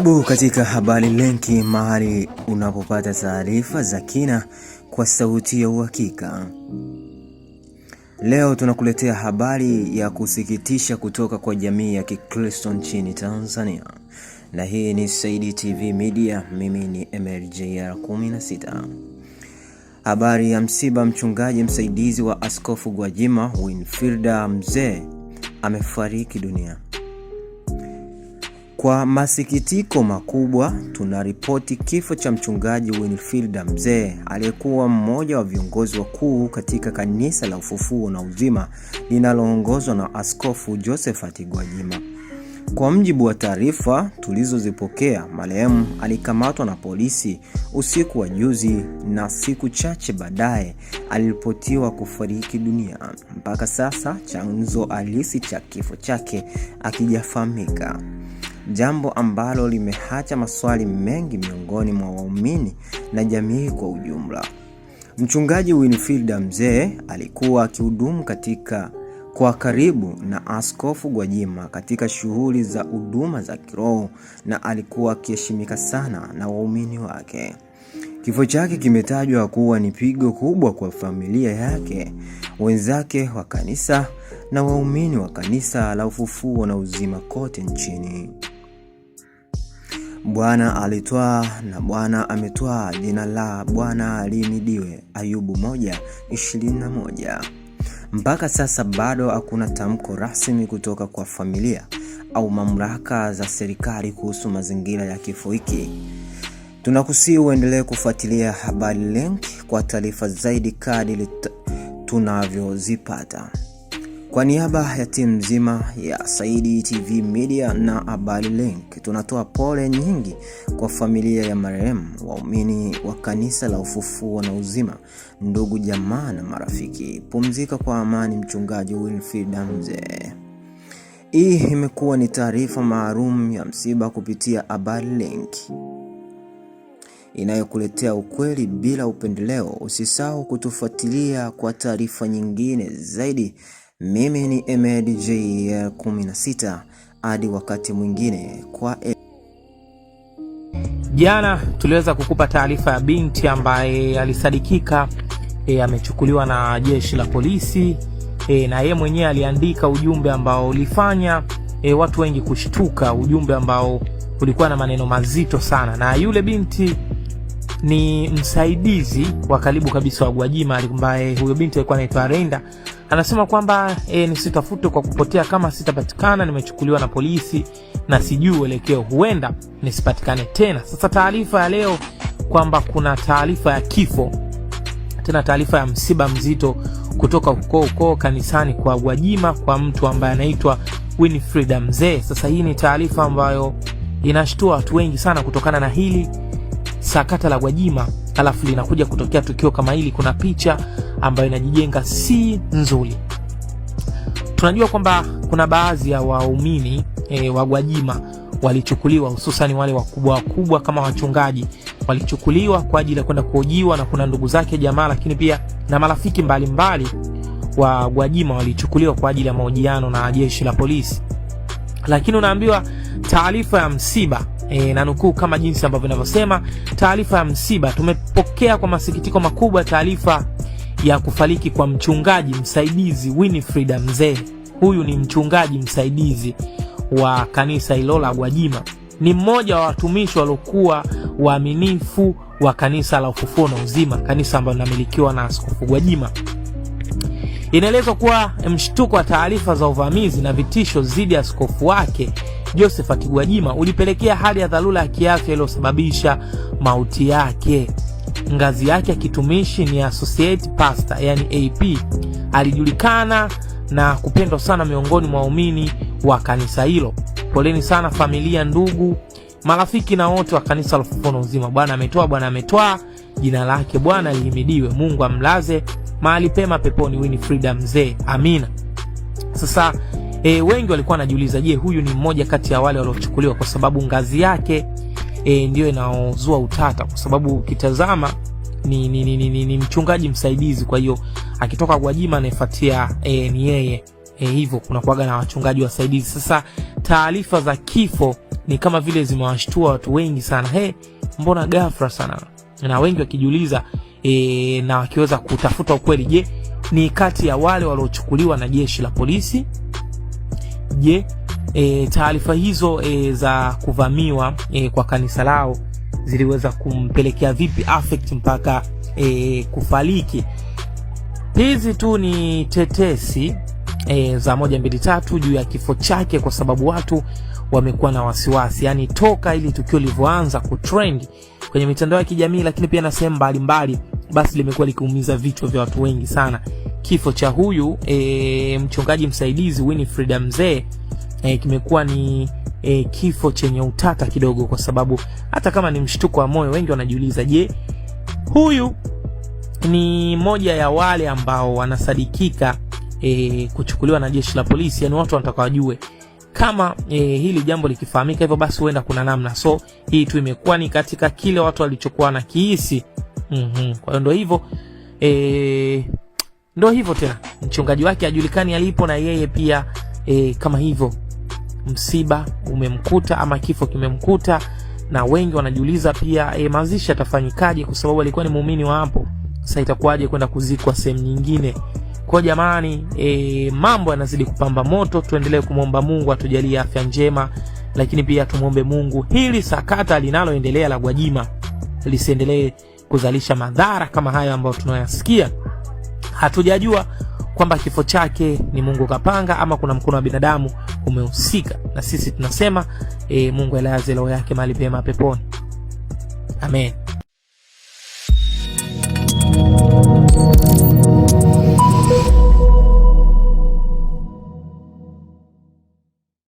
Karibu katika Habari Lenki, mahali unapopata taarifa za kina kwa sauti ya uhakika. Leo tunakuletea habari ya kusikitisha kutoka kwa jamii ya Kikristo nchini Tanzania, na hii ni Saidi TV Media. Mimi ni MLJR 16. Habari ya msiba: mchungaji msaidizi wa Askofu Gwajima Winfilda Mzee amefariki dunia. Kwa masikitiko makubwa tunaripoti kifo cha mchungaji Winfilda Mzee aliyekuwa mmoja wa viongozi wakuu katika Kanisa la Ufufuo na Uzima linaloongozwa na Askofu Josephat Gwajima. Kwa mjibu wa taarifa tulizozipokea, marehemu alikamatwa na polisi usiku wa juzi na siku chache baadaye aliripotiwa kufariki dunia. Mpaka sasa chanzo halisi cha kifo chake hakijafahamika jambo ambalo limehacha maswali mengi miongoni mwa waumini na jamii kwa ujumla. Mchungaji Winfield Mzee alikuwa akihudumu katika kwa karibu na Askofu Gwajima katika shughuli za huduma za kiroho na alikuwa akiheshimika sana na waumini wake. Kifo chake kimetajwa kuwa ni pigo kubwa kwa familia yake, wenzake wa kanisa na waumini wa kanisa la Ufufuo na Uzima kote nchini. Bwana alitwaa na Bwana ametwaa, jina la Bwana lihimidiwe. Ayubu moja ishirini moja. Mpaka sasa bado hakuna tamko rasmi kutoka kwa familia au mamlaka za serikali kuhusu mazingira ya kifo hiki. Tunakusii uendelee kufuatilia Habari Link kwa taarifa zaidi kadri tunavyozipata. Kwa niaba ya timu nzima ya Saidi TV Media na Habari Link, tunatoa pole nyingi kwa familia ya marehemu, waumini wa Kanisa la Ufufuo na Uzima, ndugu, jamaa na marafiki. Pumzika kwa amani, Mchungaji Wilfrid Hii imekuwa ni taarifa maalum ya msiba kupitia Habari Link inayokuletea ukweli bila upendeleo. Usisahau kutufuatilia kwa taarifa nyingine zaidi. Mimi ni Ahmed 16 hadi wakati mwingine. Kwa e- jana tuliweza kukupa taarifa ya binti ambaye alisadikika e, amechukuliwa na jeshi la polisi e, na yeye mwenyewe aliandika ujumbe ambao ulifanya e, watu wengi kushtuka, ujumbe ambao ulikuwa na maneno mazito sana, na yule binti ni msaidizi wa karibu kabisa wa Gwajima ambaye huyo binti alikuwa anaitwa Renda Anasema kwamba e, nisitafute kwa kupotea kama sitapatikana, nimechukuliwa na polisi na sijui uelekeo, huenda nisipatikane tena. Sasa taarifa ya leo kwamba kuna taarifa ya kifo, tena taarifa ya msiba mzito kutoka huko huko kanisani kwa Gwajima kwa mtu ambaye anaitwa Winfred Mzee. Sasa hii ni taarifa ambayo inashtua watu wengi sana kutokana na hili sakata la Gwajima, alafu linakuja kutokea tukio kama hili, kuna picha ambayo inajijenga si nzuri. Tunajua kwamba kuna baadhi ya waumini e, wa Gwajima walichukuliwa, hususan wale wakubwa wakubwa kama wachungaji walichukuliwa kwa ajili ya kwenda kuojiwa, na kuna ndugu zake jamaa, lakini pia na marafiki mbalimbali wa Gwajima walichukuliwa kwa ajili ya mahojiano na jeshi la polisi, lakini unaambiwa taarifa ya msiba E, na nukuu kama jinsi ambavyo inavyosema taarifa ya msiba, tumepokea kwa masikitiko makubwa taarifa ya kufariki kwa mchungaji msaidizi Winifrida Mzee. Huyu ni mchungaji msaidizi wa kanisa hilo la Gwajima, ni mmoja wa watumishi waliokuwa waaminifu wa kanisa la Ufufuo na Uzima, kanisa ambalo linamilikiwa na Askofu Gwajima. Inaelezwa kuwa mshtuko wa taarifa za uvamizi na vitisho dhidi ya askofu wake Josephat Gwajima ulipelekea hali ya dharura ya kiafya iliyosababisha mauti yake ngazi yake ya kitumishi ni associate pastor, yani AP. Alijulikana na kupendwa sana miongoni mwa waumini wa kanisa hilo. Poleni sana familia, ndugu, marafiki na wote wa kanisa la Ufufuo Uzima. Bwana ametoa, Bwana ametoa, jina lake Bwana lihimidiwe. Mungu amlaze mahali pema peponi wini Winfrida mzee, amina. Sasa e, wengi walikuwa wanajiuliza, je, huyu ni mmoja kati ya wale waliochukuliwa kwa sababu ngazi yake e, ndio inaozua utata kwa sababu ukitazama ni, ni, ni, ni, ni mchungaji msaidizi. Kwa hiyo akitoka Gwajima anayefuatia e, ni yeye e, hivyo kunakuwaga na wachungaji wasaidizi. Sasa taarifa za kifo ni kama vile zimewashtua watu wengi sana. He, mbona ghafla sana, na wengi wakijiuliza e, na wakiweza kutafuta ukweli. Je, ni kati ya wale waliochukuliwa na jeshi la polisi? Je, E, taarifa hizo e, za kuvamiwa e, kwa kanisa lao ziliweza kumpelekea vipi affect mpaka e, kufariki. Hizi tu ni tetesi e, za moja mbili tatu juu ya kifo chake, kwa sababu watu wamekuwa na wasiwasi, yaani toka ili tukio lilivyoanza kutrend kwenye mitandao ya kijamii, lakini pia na sehemu mbalimbali, basi limekuwa likiumiza vichwa vya watu wengi sana. Kifo cha huyu e, mchungaji msaidizi Winifred Mzee eh, kimekuwa ni eh, kifo chenye utata kidogo, kwa sababu hata kama ni mshtuko wa moyo, wengi wanajiuliza, je, huyu ni moja ya wale ambao wanasadikika e, kuchukuliwa na jeshi la polisi, yani watu wanataka wajue kama e, hili jambo likifahamika hivyo basi huenda kuna namna. So hii tu imekuwa ni katika kile watu walichokuwa na kihisi. mm -hmm. Kwa hiyo ndo hivyo e, ndo hivyo tena, mchungaji wake ajulikani alipo na yeye pia e, kama hivyo msiba umemkuta ama kifo kimemkuta, na wengi wanajiuliza pia e, mazishi atafanyikaje? Kwa sababu alikuwa ni muumini wa hapo, sasa itakuwaje kwenda kuzikwa sehemu nyingine? Kwa jamani, e, mambo yanazidi kupamba moto. Tuendelee kumwomba Mungu atujalie afya njema, lakini pia tumwombe Mungu hili sakata linaloendelea la Gwajima lisiendelee kuzalisha madhara kama hayo ambayo tunayasikia Hatujajua kwamba kifo chake ni Mungu kapanga ama kuna mkono wa binadamu umehusika, na sisi tunasema e, Mungu alaze roho yake mahali pema peponi. Amen.